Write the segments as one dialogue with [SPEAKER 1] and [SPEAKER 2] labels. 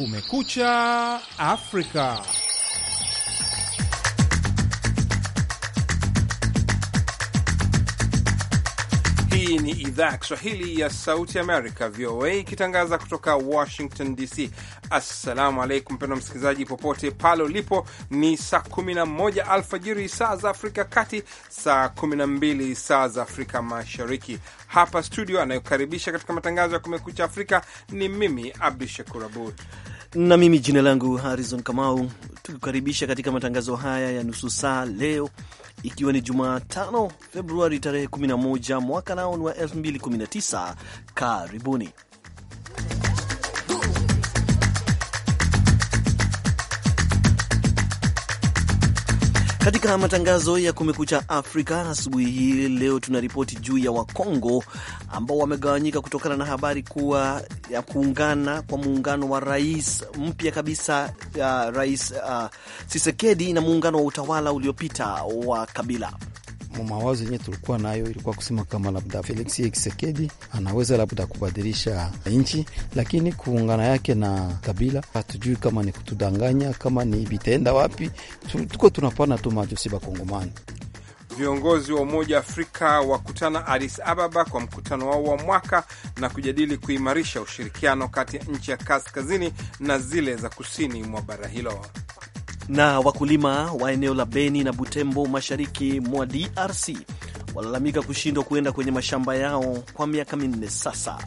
[SPEAKER 1] Kumekucha Afrika. Hii ni idhaa ya Kiswahili ya Sauti Amerika, VOA, ikitangaza kutoka Washington DC. Assalamu alaikum pendo msikilizaji, popote pale ulipo. Ni saa 11 alfajiri saa za Afrika Kati, saa 12 saa za Afrika Mashariki. Hapa studio anayokaribisha katika matangazo ya Kumekucha Afrika ni mimi Abdu Shakur Abud
[SPEAKER 2] na mimi jina langu Harrison Kamau, tukukaribisha katika matangazo haya ya nusu saa leo ikiwa ni Jumatano Februari tarehe 11 mwaka nao ni wa 2019. Karibuni. Katika matangazo ya Kumekucha Afrika asubuhi hii leo, tuna ripoti juu ya Wakongo ambao wamegawanyika kutokana na habari kuwa ya kuungana kwa muungano wa rais mpya kabisa, uh, rais uh, na muungano wa utawala uliopita wa Kabila
[SPEAKER 3] mawazo yenye tulikuwa nayo ilikuwa kusema kama labda Felix Tshisekedi anaweza labda kubadilisha nchi, lakini kuungana yake na Kabila hatujui kama ni kutudanganya, kama ni vitaenda wapi. Tuko tunapana tu macho Bakongomani.
[SPEAKER 1] Viongozi wa Umoja wa Afrika wakutana adis Ababa kwa mkutano wao wa mwaka na kujadili kuimarisha ushirikiano kati ya nchi ya kaskazini na zile za kusini mwa bara hilo
[SPEAKER 2] na wakulima wa eneo la Beni na Butembo mashariki mwa DRC walalamika kushindwa kuenda kwenye mashamba yao kwa miaka minne sasa.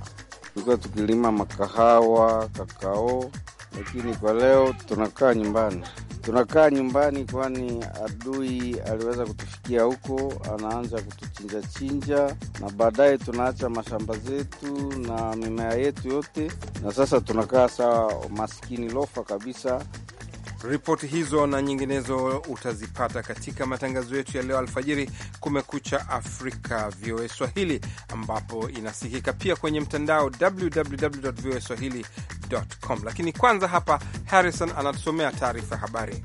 [SPEAKER 4] Tulikuwa tukilima makahawa, kakao, lakini kwa leo tunakaa nyumbani. Tunakaa nyumbani kwani adui aliweza kutufikia huko, anaanza kutuchinjachinja, na baadaye tunaacha mashamba zetu na mimea yetu yote, na sasa tunakaa sawa
[SPEAKER 1] maskini lofa kabisa. Ripoti hizo na nyinginezo utazipata katika matangazo yetu ya leo alfajiri, Kumekucha Afrika VOA Swahili, ambapo inasikika pia kwenye mtandao www voa swahili com. Lakini kwanza hapa Harrison anatusomea taarifa ya habari.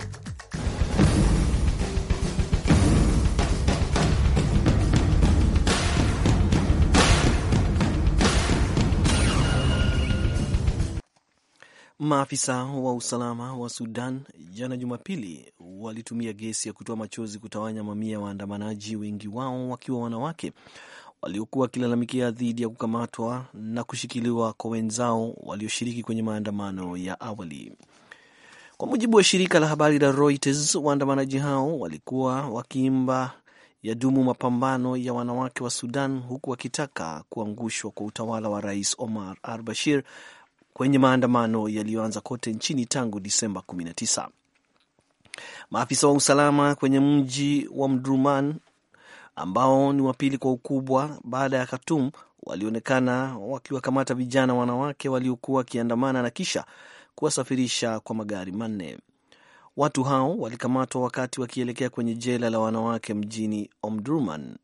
[SPEAKER 2] Maafisa wa usalama wa Sudan jana Jumapili walitumia gesi ya kutoa machozi kutawanya mamia ya waandamanaji, wengi wao wakiwa wanawake waliokuwa wakilalamikia dhidi ya kukamatwa na kushikiliwa kwa wenzao walioshiriki kwenye maandamano ya awali. Kwa mujibu wa shirika la habari la Reuters, waandamanaji hao walikuwa wakiimba ya dumu mapambano ya wanawake wa Sudan, huku wakitaka kuangushwa kwa utawala wa Rais Omar al Bashir kwenye maandamano yaliyoanza kote nchini tangu Disemba 19. Maafisa wa usalama kwenye mji wa Mdurman ambao ni wa pili kwa ukubwa baada ya Khartoum walionekana wakiwakamata vijana wanawake waliokuwa wakiandamana na kisha kuwasafirisha kwa magari manne. Watu hao walikamatwa wakati wakielekea kwenye jela la wanawake mjini Omdurman.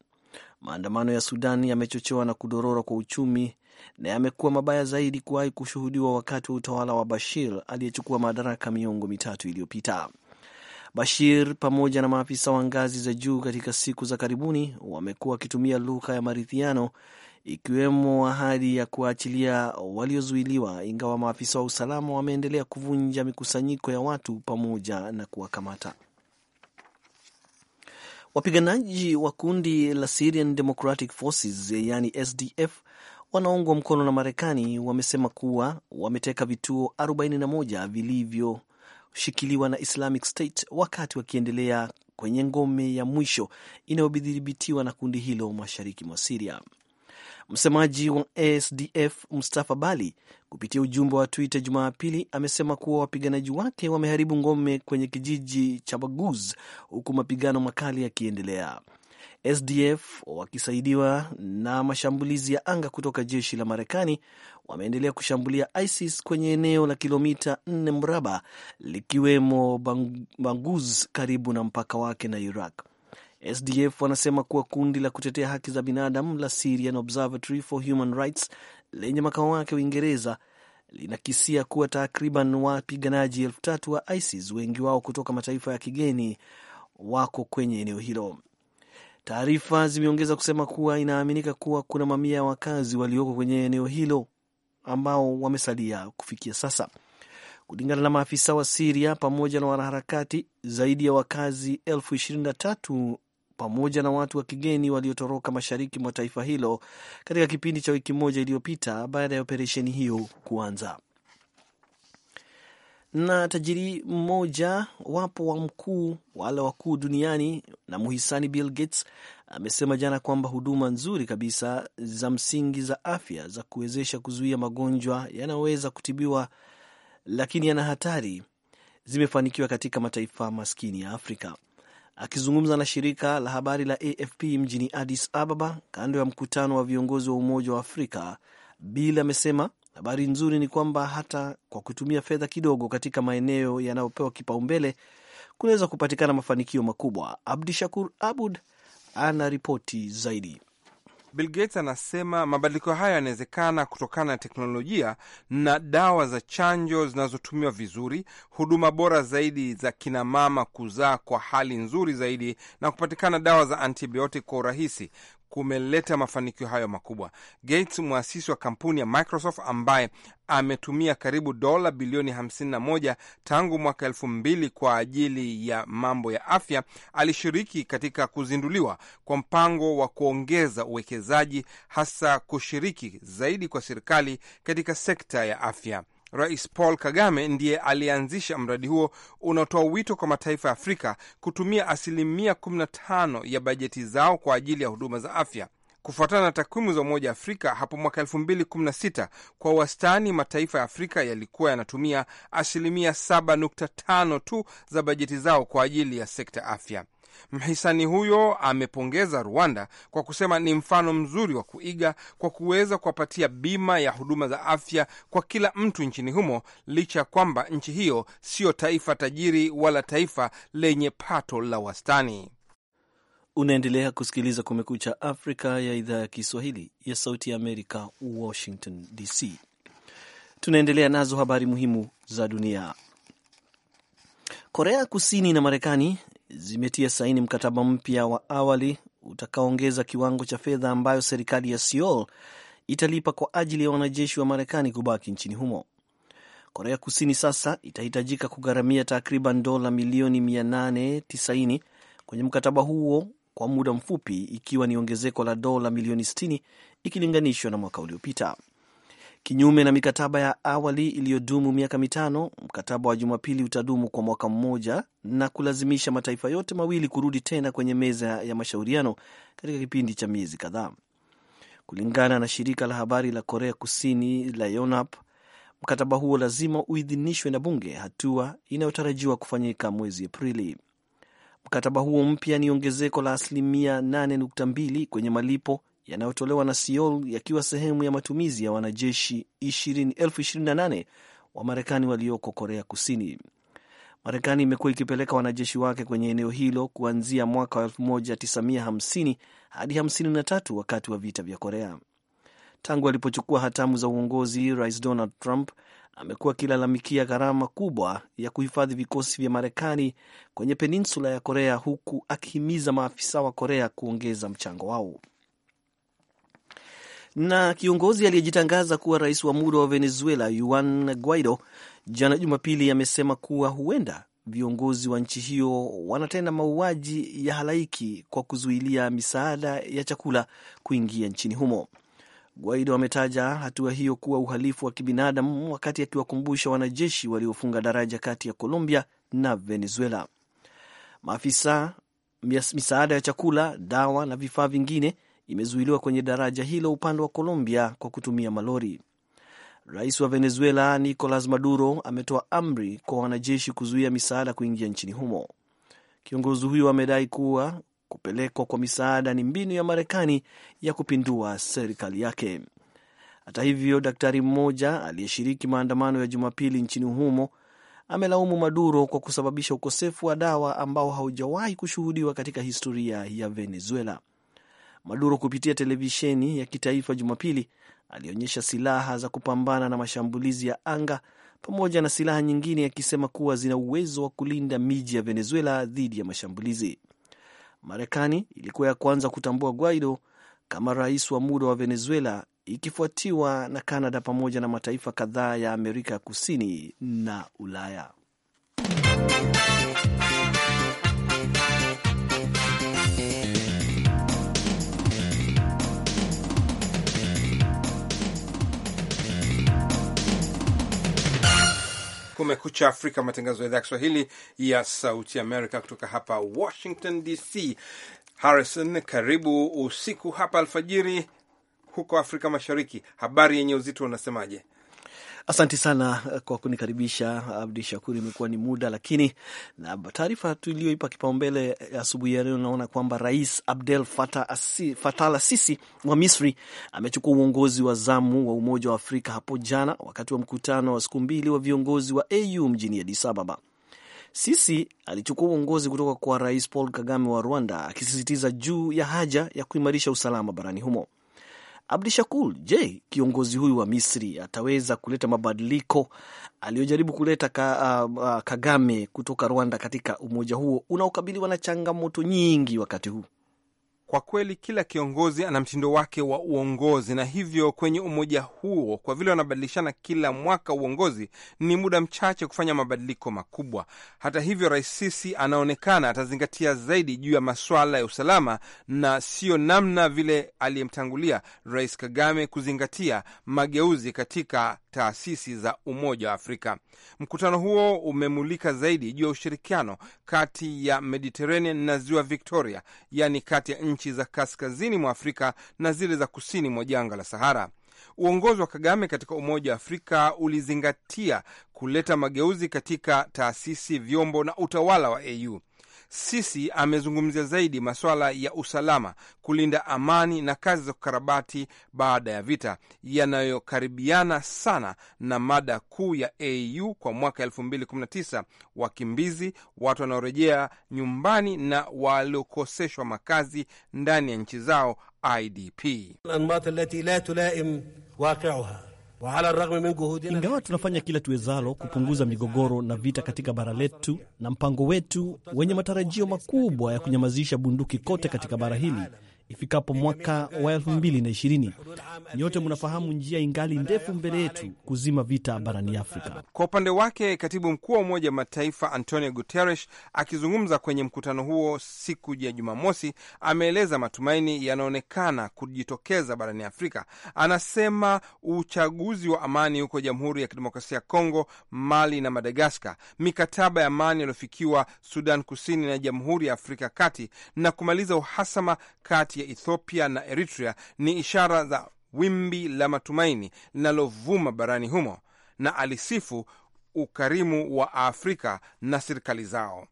[SPEAKER 2] Maandamano ya Sudan yamechochewa na kudorora kwa uchumi na yamekuwa mabaya zaidi kuwahi kushuhudiwa wakati wa utawala wa Bashir aliyechukua madaraka miongo mitatu iliyopita. Bashir pamoja na maafisa wa ngazi za juu katika siku za karibuni wamekuwa wakitumia lugha ya maridhiano, ikiwemo ahadi ya kuachilia waliozuiliwa, ingawa maafisa wa usalama wameendelea kuvunja mikusanyiko ya watu pamoja na kuwakamata. Wapiganaji wa kundi la Syrian Democratic Forces, yani SDF, wanaoungwa mkono na Marekani wamesema kuwa wameteka vituo 41 vilivyoshikiliwa na Islamic State wakati wakiendelea kwenye ngome ya mwisho inayodhibitiwa na kundi hilo mashariki mwa Siria. Msemaji wa ASDF Mustafa Bali kupitia ujumbe wa Twitter Jumapili amesema kuwa wapiganaji wake wameharibu ngome kwenye kijiji cha Baguz huku mapigano makali yakiendelea. SDF wakisaidiwa na mashambulizi ya anga kutoka jeshi la Marekani wameendelea kushambulia ISIS kwenye eneo la kilomita 4 mraba likiwemo Banguz karibu na mpaka wake na Iraq. SDF wanasema kuwa kundi la kutetea haki za binadamu la Syrian Observatory for Human Rights lenye makao wake Uingereza linakisia kuwa takriban wapiganaji elfu tatu wa ISIS wengi wao kutoka mataifa ya kigeni wako kwenye eneo hilo. Taarifa zimeongeza kusema kuwa inaaminika kuwa kuna mamia ya wakazi walioko kwenye eneo hilo ambao wamesalia kufikia sasa. Kulingana na maafisa wa Siria pamoja na wanaharakati, zaidi ya wakazi elfu ishirini na tatu pamoja na watu wa kigeni waliotoroka mashariki mwa taifa hilo katika kipindi cha wiki moja iliyopita baada ya operesheni hiyo kuanza na tajiri mmoja wapo wa mkuu wala wakuu duniani na muhisani Bill Gates amesema jana kwamba huduma nzuri kabisa za msingi za afya za kuwezesha kuzuia magonjwa yanayoweza kutibiwa lakini yana hatari zimefanikiwa katika mataifa maskini ya Afrika. Akizungumza na shirika la habari la AFP mjini Addis Ababa, kando ya mkutano wa viongozi wa Umoja wa Afrika, Bill amesema Habari nzuri ni kwamba hata kwa kutumia fedha kidogo katika maeneo yanayopewa kipaumbele kunaweza kupatikana mafanikio makubwa. Abdi Shakur Abud ana ripoti zaidi. Bill Gates anasema
[SPEAKER 1] mabadiliko hayo yanawezekana kutokana na teknolojia na dawa za chanjo zinazotumiwa vizuri, huduma bora zaidi za kinamama kuzaa kwa hali nzuri zaidi, na kupatikana dawa za antibiotic kwa urahisi, kumeleta mafanikio hayo makubwa. Gates, mwasisi wa kampuni ya Microsoft ambaye ametumia karibu dola bilioni 51 tangu mwaka elfu mbili kwa ajili ya mambo ya afya, alishiriki katika kuzinduliwa kwa mpango wa kuongeza uwekezaji, hasa kushiriki zaidi kwa serikali katika sekta ya afya. Rais Paul Kagame ndiye alianzisha mradi huo unaotoa wito kwa mataifa ya Afrika kutumia asilimia 15 ya bajeti zao kwa ajili ya huduma za afya. Kufuatana na takwimu za Umoja wa Afrika hapo mwaka 2016 kwa wastani mataifa ya Afrika yalikuwa yanatumia asilimia 7.5 tu za bajeti zao kwa ajili ya sekta afya. Mhisani huyo amepongeza Rwanda kwa kusema ni mfano mzuri wa kuiga kwa kuweza kuwapatia bima ya huduma za afya kwa kila mtu nchini humo, licha ya kwamba nchi hiyo siyo taifa tajiri wala taifa lenye pato la wastani.
[SPEAKER 2] Unaendelea kusikiliza Kumekucha Afrika ya idhaa ya Kiswahili ya Sauti ya Amerika, Washington DC. Tunaendelea nazo habari muhimu za dunia. Korea Kusini na Marekani zimetia saini mkataba mpya wa awali utakaoongeza kiwango cha fedha ambayo serikali ya Seoul italipa kwa ajili ya wanajeshi wa Marekani kubaki nchini humo. Korea Kusini sasa itahitajika kugharamia takriban dola milioni 890 kwenye mkataba huo kwa muda mfupi, ikiwa ni ongezeko la dola milioni 60 ikilinganishwa na mwaka uliopita. Kinyume na mikataba ya awali iliyodumu miaka mitano, mkataba wa Jumapili utadumu kwa mwaka mmoja na kulazimisha mataifa yote mawili kurudi tena kwenye meza ya mashauriano katika kipindi cha miezi kadhaa. Kulingana na shirika la habari la Korea Kusini la Yonhap, mkataba huo lazima uidhinishwe na bunge, hatua inayotarajiwa kufanyika mwezi Aprili. Mkataba huo mpya ni ongezeko la asilimia 8.2 kwenye malipo yanayotolewa na Seoul yakiwa sehemu ya matumizi ya wanajeshi 28 wa Marekani walioko Korea Kusini. Marekani imekuwa ikipeleka wanajeshi wake kwenye eneo hilo kuanzia mwaka wa 1950 hadi 53 wakati wa vita vya Korea. Tangu alipochukua hatamu za uongozi, Rais Donald Trump amekuwa akilalamikia gharama kubwa ya kuhifadhi vikosi vya Marekani kwenye peninsula ya Korea, huku akihimiza maafisa wa Korea kuongeza mchango wao na kiongozi aliyejitangaza kuwa rais wa muda wa Venezuela Juan Guaido jana Jumapili amesema kuwa huenda viongozi wa nchi hiyo wanatenda mauaji ya halaiki kwa kuzuilia misaada ya chakula kuingia nchini humo. Guaido ametaja hatua hiyo kuwa uhalifu wa kibinadamu wakati akiwakumbusha wanajeshi waliofunga daraja kati ya Colombia na Venezuela. Maafisa misaada ya chakula, dawa na vifaa vingine imezuiliwa kwenye daraja hilo upande wa Colombia kwa kutumia malori. Rais wa Venezuela Nicolas Maduro ametoa amri kwa wanajeshi kuzuia misaada kuingia nchini humo. Kiongozi huyo amedai kuwa kupelekwa kwa misaada ni mbinu ya Marekani ya kupindua serikali yake. Hata hivyo, daktari mmoja aliyeshiriki maandamano ya Jumapili nchini humo amelaumu Maduro kwa kusababisha ukosefu wa dawa ambao haujawahi kushuhudiwa katika historia ya Venezuela. Maduro kupitia televisheni ya kitaifa Jumapili alionyesha silaha za kupambana na mashambulizi ya anga pamoja na silaha nyingine, akisema kuwa zina uwezo wa kulinda miji ya Venezuela dhidi ya mashambulizi. Marekani ilikuwa ya kwanza kutambua Guaido kama rais wa muda wa Venezuela, ikifuatiwa na Kanada pamoja na mataifa kadhaa ya Amerika ya Kusini na Ulaya.
[SPEAKER 1] Kumekucha Afrika, matangazo ya idhaa ya Kiswahili ya Sauti Amerika kutoka hapa Washington DC. Harrison, karibu usiku hapa alfajiri huko Afrika Mashariki. Habari yenye uzito unasemaje?
[SPEAKER 2] Asanti sana eh, kwa kunikaribisha Abdi Shakur, imekuwa ni muda lakini, na taarifa tuliyoipa kipaumbele eh, asubuhi ya leo, naona kwamba Rais Abdel Fattah Sisi wa Misri amechukua uongozi wa zamu wa Umoja wa Afrika hapo jana wakati wa mkutano wa siku mbili wa viongozi wa AU mjini Addis Ababa. Sisi alichukua uongozi kutoka kwa Rais Paul Kagame wa Rwanda, akisisitiza juu ya haja ya kuimarisha usalama barani humo abdu Shakur, je, kiongozi huyu wa Misri ataweza kuleta mabadiliko aliyojaribu kuleta ka, uh, uh, Kagame kutoka Rwanda katika umoja huo unaokabiliwa na changamoto nyingi wakati huu? Kwa kweli kila kiongozi ana mtindo wake wa uongozi, na
[SPEAKER 1] hivyo kwenye umoja huo, kwa vile wanabadilishana kila mwaka uongozi, ni muda mchache kufanya mabadiliko makubwa. Hata hivyo, Rais Sisi anaonekana atazingatia zaidi juu ya masuala ya usalama na siyo namna vile aliyemtangulia Rais Kagame kuzingatia mageuzi katika taasisi za Umoja wa Afrika. Mkutano huo umemulika zaidi juu ya ushirikiano kati ya Mediterranean na ziwa Victoria, yani kati ya nchi nchi za kaskazini mwa Afrika na zile za kusini mwa jangwa la Sahara. Uongozi wa Kagame katika Umoja wa Afrika ulizingatia kuleta mageuzi katika taasisi, vyombo na utawala wa AU. Sisi amezungumzia zaidi masuala ya usalama, kulinda amani na kazi za kukarabati baada ya vita, yanayokaribiana sana na mada kuu ya AU kwa mwaka 2019: wakimbizi, watu wanaorejea nyumbani na waliokoseshwa makazi ndani ya nchi zao, IDP.
[SPEAKER 2] Ingawa tunafanya kila tuwezalo kupunguza migogoro na vita katika bara letu, na mpango wetu wenye matarajio makubwa ya kunyamazisha bunduki kote katika bara hili ifikapo mwaka wa elfu mbili na ishirini. Nyote mnafahamu njia ingali ndefu mbele yetu kuzima vita barani Afrika. Kwa upande wake,
[SPEAKER 1] katibu mkuu wa Umoja wa Mataifa Antonio Guterres akizungumza kwenye mkutano huo siku ya Jumamosi ameeleza matumaini yanaonekana kujitokeza barani Afrika. Anasema uchaguzi wa amani huko Jamhuri ya Kidemokrasia ya Kongo, Mali na Madagaskar, mikataba ya amani yaliyofikiwa Sudan Kusini na Jamhuri ya Afrika Kati na kumaliza uhasama kati kati ya Ethiopia na Eritrea ni ishara za wimbi la matumaini linalovuma barani humo, na alisifu ukarimu wa Afrika na serikali zao.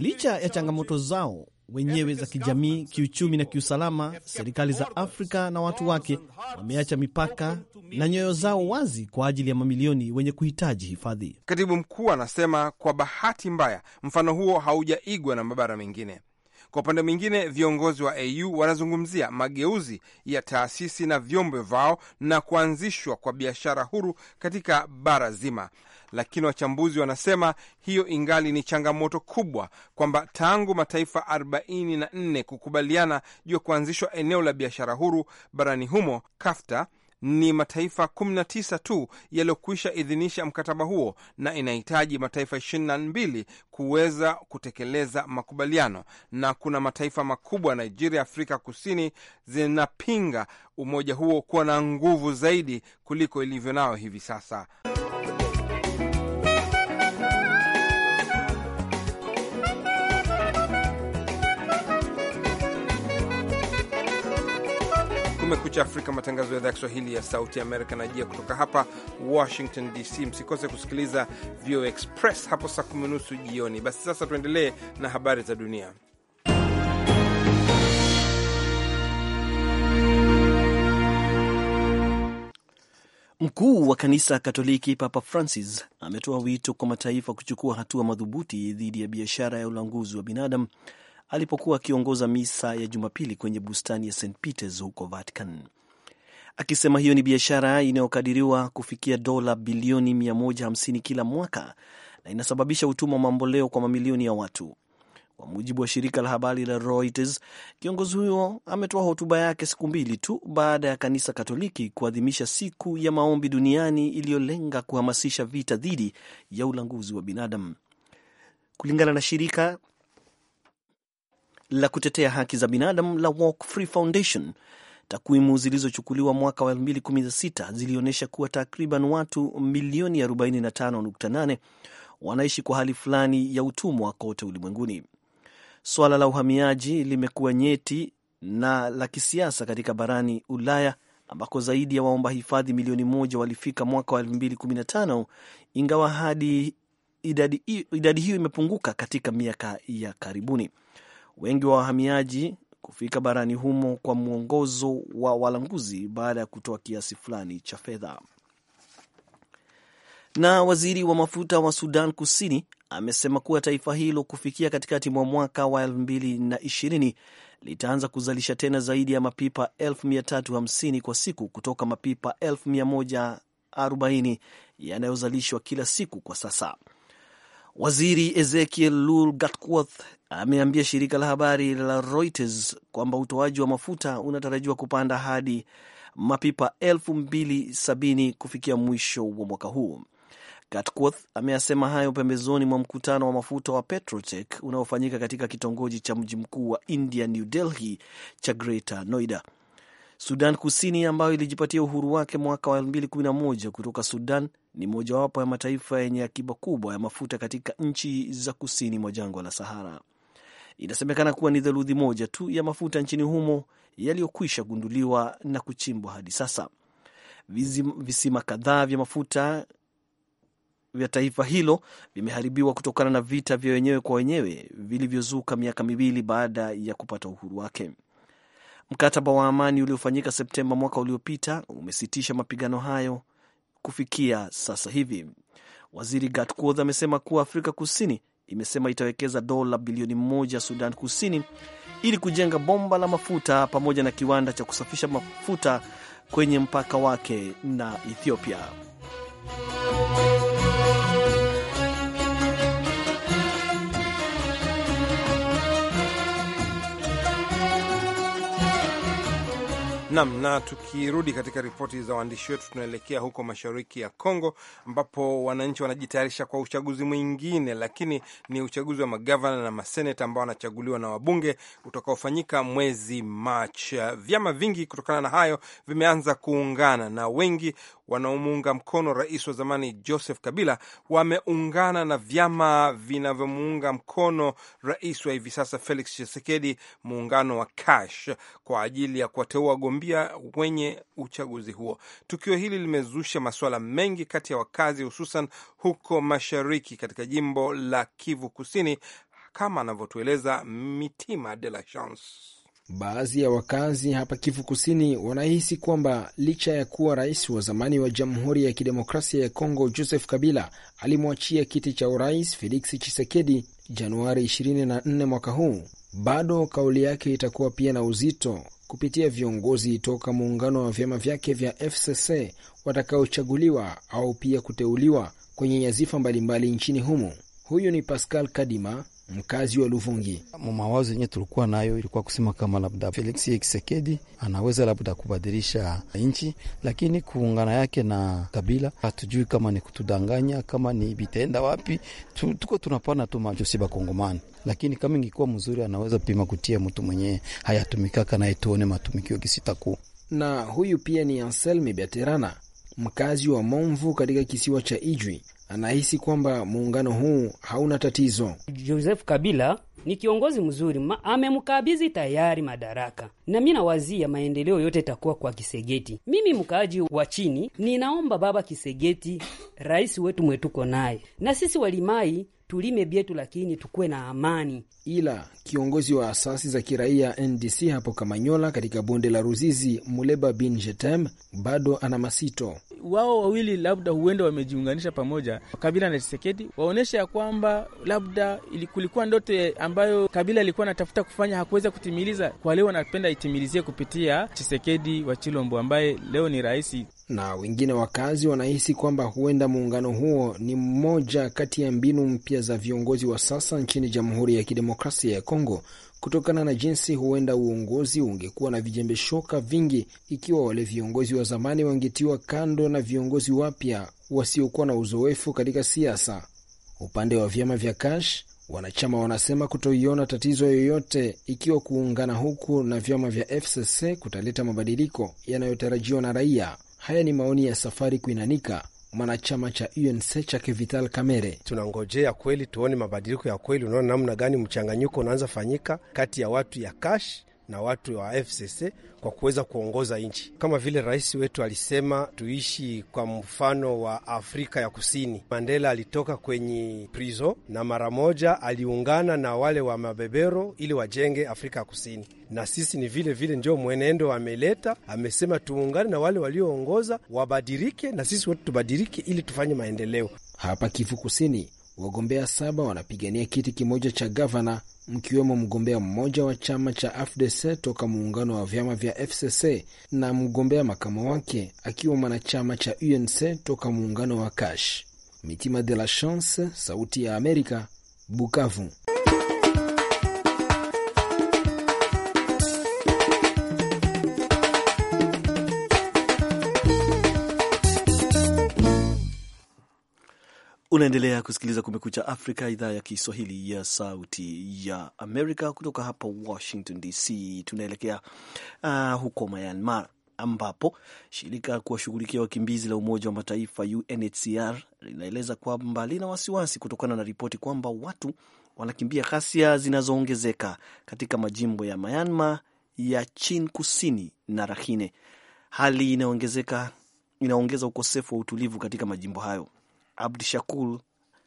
[SPEAKER 2] Licha ya changamoto zao, wenyewe za kijamii, kiuchumi na kiusalama, serikali za Afrika na watu wake wameacha mipaka na nyoyo zao wazi kwa ajili ya mamilioni wenye kuhitaji hifadhi.
[SPEAKER 1] Katibu mkuu anasema kwa bahati mbaya, mfano huo haujaigwa na mabara mengine. Kwa upande mwingine, viongozi wa AU wanazungumzia mageuzi ya taasisi na vyombo vyao na kuanzishwa kwa biashara huru katika bara zima, lakini wachambuzi wanasema hiyo ingali ni changamoto kubwa, kwamba tangu mataifa 44 kukubaliana juu ya kuanzishwa eneo la biashara huru barani humo KAFTA, ni mataifa 19 tu yaliyokwisha idhinisha mkataba huo na inahitaji mataifa 22 kuweza kutekeleza makubaliano. Na kuna mataifa makubwa, Nigeria, Afrika Kusini, zinapinga umoja huo kuwa na nguvu zaidi kuliko ilivyo nao hivi sasa. Kumekucha Afrika, matangazo ya idhaa ya Kiswahili ya Sauti Amerika najia kutoka hapa Washington DC. Msikose kusikiliza VOA Express hapo saa kumi nusu jioni. Basi sasa tuendelee na habari za dunia.
[SPEAKER 2] Mkuu wa kanisa Katoliki Papa Francis ametoa wito kwa mataifa kuchukua hatua madhubuti dhidi ya biashara ya ulanguzi wa binadamu alipokuwa akiongoza misa ya Jumapili kwenye bustani ya St Peters huko Vatican, akisema hiyo ni biashara inayokadiriwa kufikia dola bilioni 150 kila mwaka na inasababisha utumwa mamboleo kwa mamilioni ya watu. Kwa mujibu wa shirika la habari la Reuters, kiongozi huyo ametoa hotuba yake siku mbili tu baada ya kanisa Katoliki kuadhimisha siku ya maombi duniani iliyolenga kuhamasisha vita dhidi ya ulanguzi wa binadamu. Kulingana na shirika la kutetea haki za binadamu la Walk Free Foundation, takwimu zilizochukuliwa mwaka wa 2016 zilionyesha kuwa takriban watu milioni 45.8 wanaishi kwa hali fulani ya utumwa kote ulimwenguni. Swala la uhamiaji limekuwa nyeti na la kisiasa katika barani Ulaya ambako zaidi ya waomba hifadhi milioni moja walifika mwaka wa 2015 ingawa hadi idadi, idadi hiyo imepunguka katika miaka ya karibuni wengi wa wahamiaji kufika barani humo kwa mwongozo wa walanguzi baada ya kutoa kiasi fulani cha fedha. Na waziri wa mafuta wa Sudan Kusini amesema kuwa taifa hilo kufikia katikati mwa mwaka wa 2020 litaanza kuzalisha tena zaidi ya mapipa 350 kwa siku kutoka mapipa 140 yanayozalishwa kila siku kwa sasa. Waziri Ezekiel Lul Gatkuoth ameambia shirika la habari la Reuters kwamba utoaji wa mafuta unatarajiwa kupanda hadi mapipa 27 kufikia mwisho wa mwaka huu. Gatworth ameyasema hayo pembezoni mwa mkutano wa mafuta wa Petrotech unaofanyika katika kitongoji cha mji mkuu wa India, New Delhi, cha Greater Noida. Sudan Kusini ambayo ilijipatia uhuru wake mwaka wa 2011 kutoka Sudan ni mojawapo ya mataifa yenye akiba kubwa ya mafuta katika nchi za kusini mwa jangwa la Sahara. Inasemekana kuwa ni theluthi moja tu ya mafuta nchini humo yaliyokwisha gunduliwa na kuchimbwa hadi sasa. Visima kadhaa vya mafuta vya taifa hilo vimeharibiwa kutokana na vita vya wenyewe kwa wenyewe vilivyozuka miaka miwili baada ya kupata uhuru wake. Mkataba wa amani uliofanyika Septemba mwaka uliopita umesitisha mapigano hayo kufikia sasa hivi. Waziri Gat amesema kuwa Afrika Kusini imesema itawekeza dola bilioni moja Sudan Kusini ili kujenga bomba la mafuta pamoja na kiwanda cha kusafisha mafuta kwenye mpaka wake na Ethiopia.
[SPEAKER 1] Nam na tukirudi katika ripoti za waandishi wetu, tunaelekea huko mashariki ya Kongo ambapo wananchi wanajitayarisha kwa uchaguzi mwingine, lakini ni uchaguzi wa magavana na maseneta ambao wanachaguliwa na wabunge utakaofanyika mwezi Machi. Vyama vingi kutokana na hayo vimeanza kuungana na wengi wanaomuunga mkono rais wa zamani Joseph Kabila wameungana na vyama vinavyomuunga mkono rais wa hivi sasa Felix Tshisekedi, muungano wa Kash kwa ajili ya kuwateua kukimbia wenye uchaguzi huo. Tukio hili limezusha masuala mengi kati ya wakazi, hususan huko mashariki katika jimbo la Kivu Kusini, kama anavyotueleza Mitima de la Chance.
[SPEAKER 3] Baadhi ya wakazi hapa Kivu Kusini wanahisi kwamba licha ya kuwa rais wa zamani wa Jamhuri ya Kidemokrasia ya Kongo Joseph Kabila alimwachia kiti cha urais Felix Tshisekedi Januari 24 mwaka huu, bado kauli yake itakuwa pia na uzito kupitia viongozi toka muungano wa vyama vyake vya FCC watakaochaguliwa au pia kuteuliwa kwenye nyazifa mbalimbali nchini humo. Huyu ni Pascal Kadima, mkazi wa Luvungi. Mawazo yenye tulikuwa nayo ilikuwa kusema kama labda Felix Kisekedi anaweza labda kubadilisha nchi, lakini kuungana yake na Kabila hatujui kama ni kutudanganya, kama ni vitaenda wapi. Tuko tunapana tu macho si Bakongomani, lakini kama ingekuwa mzuri anaweza pima kutia mtu mwenye hayatumikaka naye, tuone matumikio kisitakuu. Na huyu pia ni Anselmi Beterana, mkazi wa Momvu katika kisiwa cha Ijwi anahisi kwamba muungano huu hauna tatizo. Joseph
[SPEAKER 5] Kabila ni kiongozi mzuri, amemkabidhi tayari madaraka, na mi nawazia maendeleo yote itakuwa kwa Kisegeti. Mimi mkaaji wa chini, ninaomba baba Kisegeti, rais wetu mwetuko naye na sisi Walimai tulime byetu, lakini tukuwe na amani. Ila
[SPEAKER 3] kiongozi wa asasi za kiraia NDC hapo Kamanyola katika bonde la Ruzizi, Muleba bin Jetem, bado ana masito.
[SPEAKER 1] Wao wawili labda huenda wamejiunganisha pamoja, Kabila na Chisekedi, waonyesha ya kwamba labda kulikuwa ndoto ambayo Kabila alikuwa anatafuta kufanya, hakuweza kutimiliza. Kwa leo wanapenda itimilizie kupitia Chisekedi wa Chilombo ambaye leo ni rais
[SPEAKER 3] na wengine wakazi wanahisi kwamba huenda muungano huo ni mmoja kati ya mbinu mpya mpya za viongozi wa sasa nchini Jamhuri ya Kidemokrasia ya Kongo kutokana na jinsi huenda uongozi ungekuwa na vijembeshoka vingi ikiwa wale viongozi wa zamani wangetiwa kando na viongozi wapya wasiokuwa na uzoefu katika siasa. Upande wa vyama vya Kash, wanachama wanasema kutoiona tatizo yoyote ikiwa kuungana huku na vyama vya FCC kutaleta mabadiliko yanayotarajiwa na raia. Haya ni maoni ya Safari Kuinanika, mwanachama cha UNC chake Vital Kamere. Tunangojea kweli tuone mabadiliko ya kweli. Unaona namna gani mchanganyiko unaanza fanyika kati ya watu ya Kash na watu wa FCC kwa kuweza kuongoza nchi. Kama vile rais wetu alisema, tuishi kwa mfano wa Afrika ya Kusini. Mandela alitoka kwenye prizo na mara moja aliungana na wale wa mabebero ili wajenge Afrika ya Kusini, na sisi ni vile vile njo mwenendo ameleta. Amesema tuungane na wale walioongoza wabadilike, na sisi wote tubadilike ili tufanye maendeleo hapa Kivu Kusini. Wagombea saba wanapigania kiti kimoja cha gavana, mkiwemo mgombea mmoja wa chama cha AFDC toka muungano wa vyama vya FCC na mgombea makamo wake akiwa mwanachama cha UNC toka muungano wa Kash. Mitima de la Chance, Sauti ya Amerika, Bukavu.
[SPEAKER 2] Unaendelea kusikiliza Kumekucha Afrika, idhaa ya Kiswahili ya Sauti ya Amerika kutoka hapa Washington DC. Tunaelekea uh, huko Myanmar ambapo shirika kuwashughulikia wakimbizi la Umoja wa Mataifa UNHCR linaeleza kwamba lina wasiwasi kutokana na ripoti kwamba watu wanakimbia ghasia zinazoongezeka katika majimbo ya Myanmar ya Chin Kusini na Rakhine. Hali inaongezeka inaongeza ukosefu wa utulivu katika majimbo hayo. Abdishakur,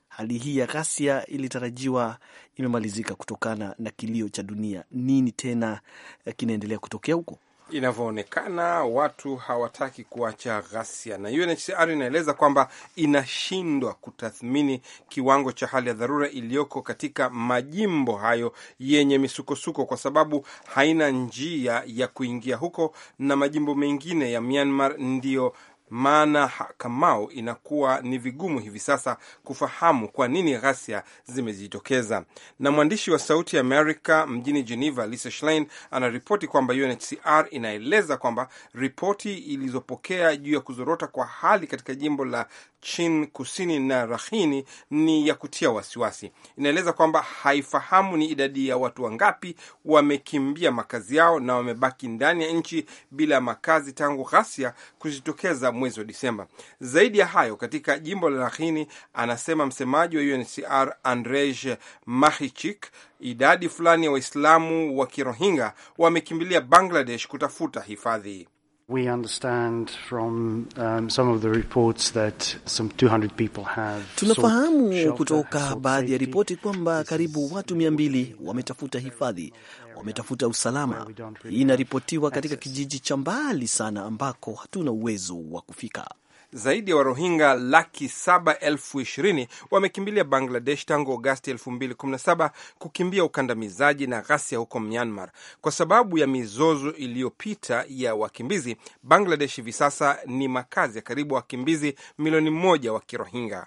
[SPEAKER 2] hali hii ya ghasia ilitarajiwa imemalizika kutokana na kilio cha dunia. Nini tena eh, kinaendelea kutokea huko?
[SPEAKER 1] Inavyoonekana watu hawataki kuacha ghasia, na UNHCR inaeleza kwamba inashindwa kutathmini kiwango cha hali ya dharura iliyoko katika majimbo hayo yenye misukosuko, kwa sababu haina njia ya kuingia huko, na majimbo mengine ya Myanmar ndiyo maana kamau inakuwa ni vigumu hivi sasa kufahamu kwa nini ghasia zimejitokeza. Na mwandishi wa Sauti ya Amerika mjini Geneva, Lisa Schlein anaripoti kwamba UNHCR inaeleza kwamba ripoti ilizopokea juu ya kuzorota kwa hali katika jimbo la Chin Kusini na Rakhine ni ya kutia wasiwasi. Inaeleza kwamba haifahamu ni idadi ya watu wangapi wamekimbia makazi yao na wamebaki ndani ya nchi bila makazi tangu ghasia kujitokeza mwezi wa Disemba. Zaidi ya hayo, katika jimbo la Rakhine, anasema msemaji wa UNHCR Andrej Mahichik, idadi fulani ya Waislamu wa kirohinga wamekimbilia Bangladesh kutafuta hifadhi.
[SPEAKER 4] We understand from, um, some of the reports that some 200 people have tunafahamu kutoka
[SPEAKER 2] baadhi ya ripoti kwamba karibu watu 200 wametafuta hifadhi, wametafuta usalama. Hii inaripotiwa katika kijiji cha mbali sana ambako hatuna uwezo wa kufika
[SPEAKER 1] zaidi ya wa Warohingya laki saba elfu ishirini wamekimbilia Bangladesh tangu Agosti 217 kukimbia ukandamizaji na ghasia huko Myanmar. Kwa sababu ya mizozo iliyopita ya wakimbizi, Bangladesh hivi sasa ni makazi ya karibu wakimbizi milioni moja wa Kirohingya.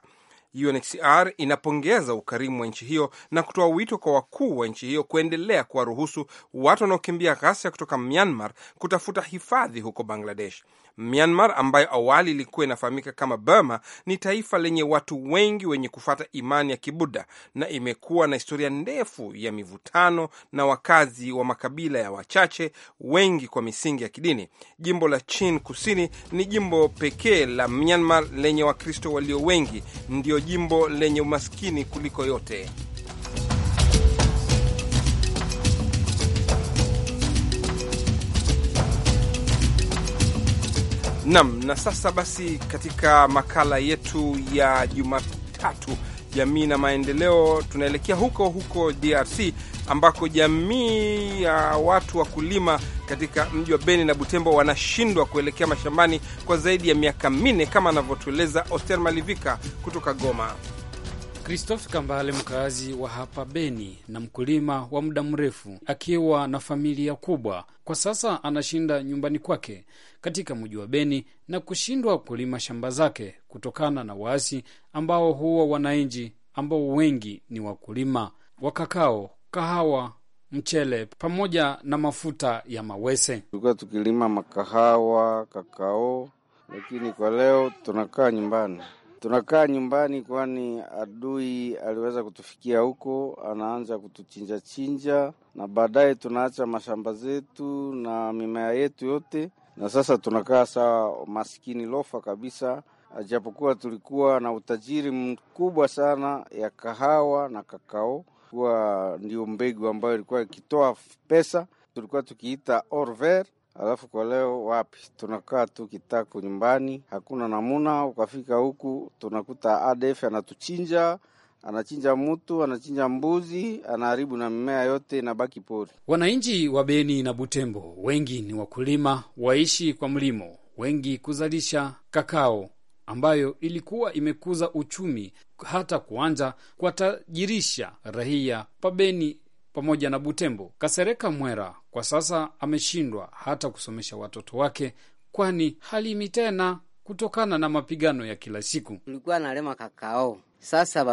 [SPEAKER 1] UNHCR inapongeza ukarimu wa nchi hiyo na kutoa wito kwa wakuu wa nchi hiyo kuendelea kuwaruhusu watu wanaokimbia ghasia kutoka Myanmar kutafuta hifadhi huko Bangladesh. Myanmar ambayo awali ilikuwa inafahamika kama Burma ni taifa lenye watu wengi wenye kufata imani ya kibuda na imekuwa na historia ndefu ya mivutano na wakazi wa makabila ya wachache, wengi kwa misingi ya kidini. Jimbo la Chin Kusini ni jimbo pekee la Myanmar lenye Wakristo walio wengi, ndiyo jimbo lenye umaskini kuliko yote. Nam, na sasa basi, katika makala yetu ya Jumatatu, jamii na maendeleo, tunaelekea huko huko DRC ambako jamii ya watu wakulima katika mji wa Beni na Butembo wanashindwa kuelekea mashambani kwa zaidi ya miaka minne, kama anavyotueleza Oster
[SPEAKER 5] Malivika kutoka Goma. Christophe Kambale, mkaazi wa hapa Beni na mkulima wa muda mrefu, akiwa na familia kubwa, kwa sasa anashinda nyumbani kwake katika mji wa Beni na kushindwa kulima shamba zake kutokana na waasi ambao huwa wananchi ambao wengi ni wakulima wa kakao, kahawa, mchele pamoja na mafuta ya mawese. Tulikuwa tukilima
[SPEAKER 4] makahawa, kakao, lakini kwa leo tunakaa nyumbani. Tunakaa nyumbani, kwani adui aliweza kutufikia huko, anaanza kutuchinja chinja, na baadaye tunaacha mashamba zetu na mimea yetu yote, na sasa tunakaa sawa maskini lofa kabisa, japokuwa tulikuwa na utajiri mkubwa sana ya kahawa na kakao, kuwa ndio mbegu ambayo ilikuwa ikitoa pesa, tulikuwa tukiita orver Alafu kwa leo wapi, tunakaa tu kitako nyumbani, hakuna namuna. Ukafika huku tunakuta ADF anatuchinja, anachinja mutu anachinja mbuzi,
[SPEAKER 5] anaharibu na mimea yote inabaki pori. Wananchi wa Beni na Butembo wengi ni wakulima, waishi kwa mlimo, wengi kuzalisha kakao ambayo ilikuwa imekuza uchumi hata kuanza kuwatajirisha raia pabeni pamoja na Butembo. Kasereka Mwera kwa sasa ameshindwa hata kusomesha watoto wake, kwani halimi tena kutokana na mapigano ya kila siku.
[SPEAKER 4] Tulikuwa nalema kakao, sasa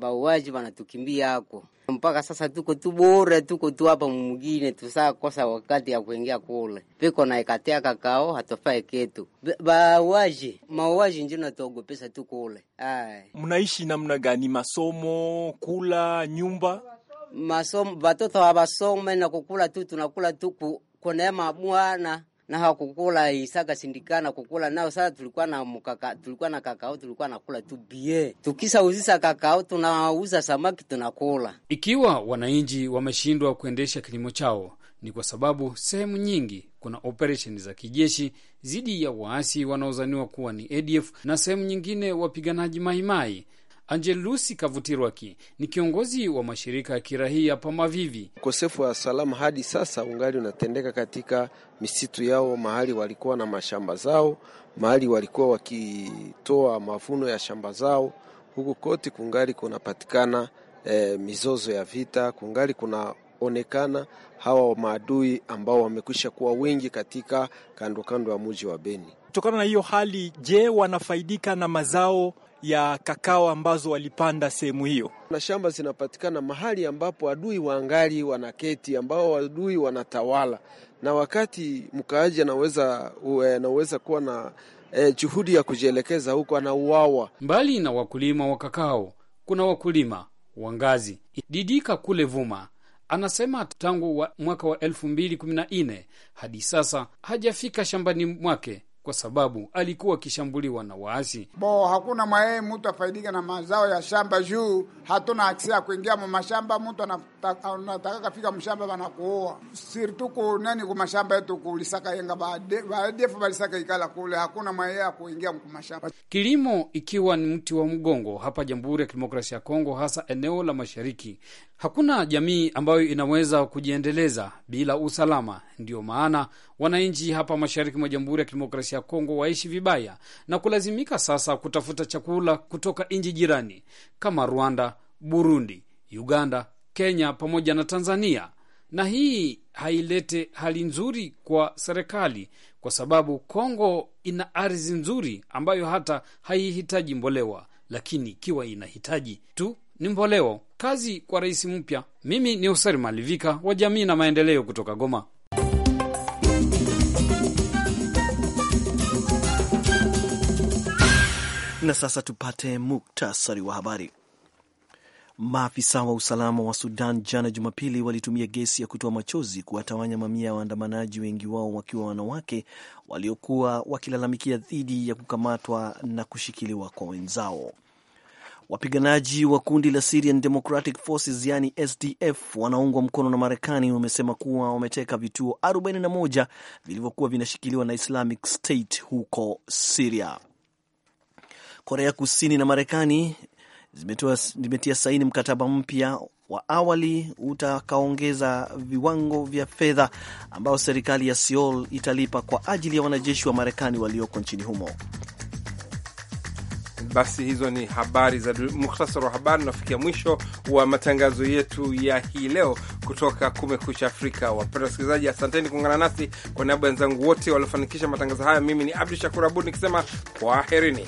[SPEAKER 4] bauaji ba, wanatukimbia ako mpaka sasa tuko tu bure, tuko tu hapa mwingine tusakosa wakati ya kuingia kule piko na kakao hatofae ketu bauaji mauaji ndio natuogopesa tu kule.
[SPEAKER 1] Mnaishi namna gani? Masomo, kula, nyumba
[SPEAKER 4] masomo watoto hawasome na kukula tu, tunakula tu ku, kwa neema Bwana na hakukula Isaka sindikana kukula nao. Sasa tulikuwa na mkaka, tulikuwa na kakao, tulikuwa nakula tu
[SPEAKER 5] bie, tukisa uzisa kakao, tunauza samaki tunakula. Ikiwa wananchi wameshindwa kuendesha kilimo chao, ni kwa sababu sehemu nyingi kuna operesheni za kijeshi dhidi ya waasi wanaozaniwa kuwa ni ADF na sehemu nyingine wapiganaji maimai Angelus Kavutirwaki ni kiongozi wa mashirika ya kirahia pamavivi Mavivi. Ukosefu wa salama hadi sasa ungali unatendeka katika
[SPEAKER 3] misitu yao, mahali walikuwa na mashamba zao, mahali walikuwa wakitoa mavuno ya shamba zao, huku kote kungali kunapatikana e, mizozo ya vita, kungali kunaonekana hawa maadui ambao wamekwisha kuwa wengi katika kandokando ya muji wa Beni.
[SPEAKER 1] Kutokana na hiyo hali, je, wanafaidika na mazao ya kakao ambazo walipanda sehemu hiyo, na shamba zinapatikana mahali
[SPEAKER 3] ambapo adui waangali wanaketi, ambao adui wanatawala, na wakati mkaaji anaweza eh, anaweza kuwa na e, juhudi ya kujielekeza huko,
[SPEAKER 5] anauawa. Mbali na wakulima wa kakao, kuna wakulima wa ngazi. Didika kule Vuma anasema tangu wa mwaka wa elfu mbili kumi na nne hadi sasa hajafika shambani mwake kwa sababu alikuwa akishambuliwa na waasi bo.
[SPEAKER 1] Hakuna mwaye mtu afaidika na mazao ya shamba juu hatuna aksia ya kuingia mumashamba. Mtu anataka kafika mshamba wanakuua nani ku kumashamba yetu kulisaka yenga baadefu balisaka ikala kule, hakuna mwaee ya kuingia kumashamba.
[SPEAKER 5] Kilimo ikiwa ni mti wa mgongo hapa Jamhuri ya Kidemokrasia ya Kongo, hasa eneo la mashariki, Hakuna jamii ambayo inaweza kujiendeleza bila usalama. Ndiyo maana wananchi hapa mashariki mwa Jamhuri ya Kidemokrasia ya Kongo waishi vibaya na kulazimika sasa kutafuta chakula kutoka nchi jirani kama Rwanda, Burundi, Uganda, Kenya pamoja na Tanzania, na hii hailete hali nzuri kwa serikali, kwa sababu Kongo ina ardhi nzuri ambayo hata haihitaji mbolewa, lakini ikiwa inahitaji tu ni mboleo kazi kwa rais mpya. Mimi ni Hoseri Malivika wa Jamii na Maendeleo kutoka Goma.
[SPEAKER 2] Na sasa tupate muktasari wa habari. Maafisa wa usalama wa Sudan jana Jumapili walitumia gesi ya kutoa machozi kuwatawanya mamia ya waandamanaji, wengi wao wakiwa wanawake waliokuwa wakilalamikia dhidi ya kukamatwa na kushikiliwa kwa wenzao. Wapiganaji wa kundi la Syrian Democratic Forces yani SDF wanaungwa mkono na Marekani wamesema kuwa wameteka vituo 41 vilivyokuwa vinashikiliwa na Islamic State huko Siria. Korea Kusini na Marekani zimetia saini mkataba mpya wa awali utakaongeza viwango vya fedha ambayo serikali ya Seoul italipa kwa ajili ya wanajeshi wa Marekani walioko nchini humo.
[SPEAKER 1] Basi hizo ni habari za muhtasari wa habari. Nafikia mwisho wa matangazo yetu ya hii leo kutoka Kumekucha Afrika. Wapenda wasikilizaji, asanteni kuungana nasi. Kwa niaba ya wenzangu wote waliofanikisha matangazo haya, mimi ni Abdu Shakur Abud nikisema kwaherini.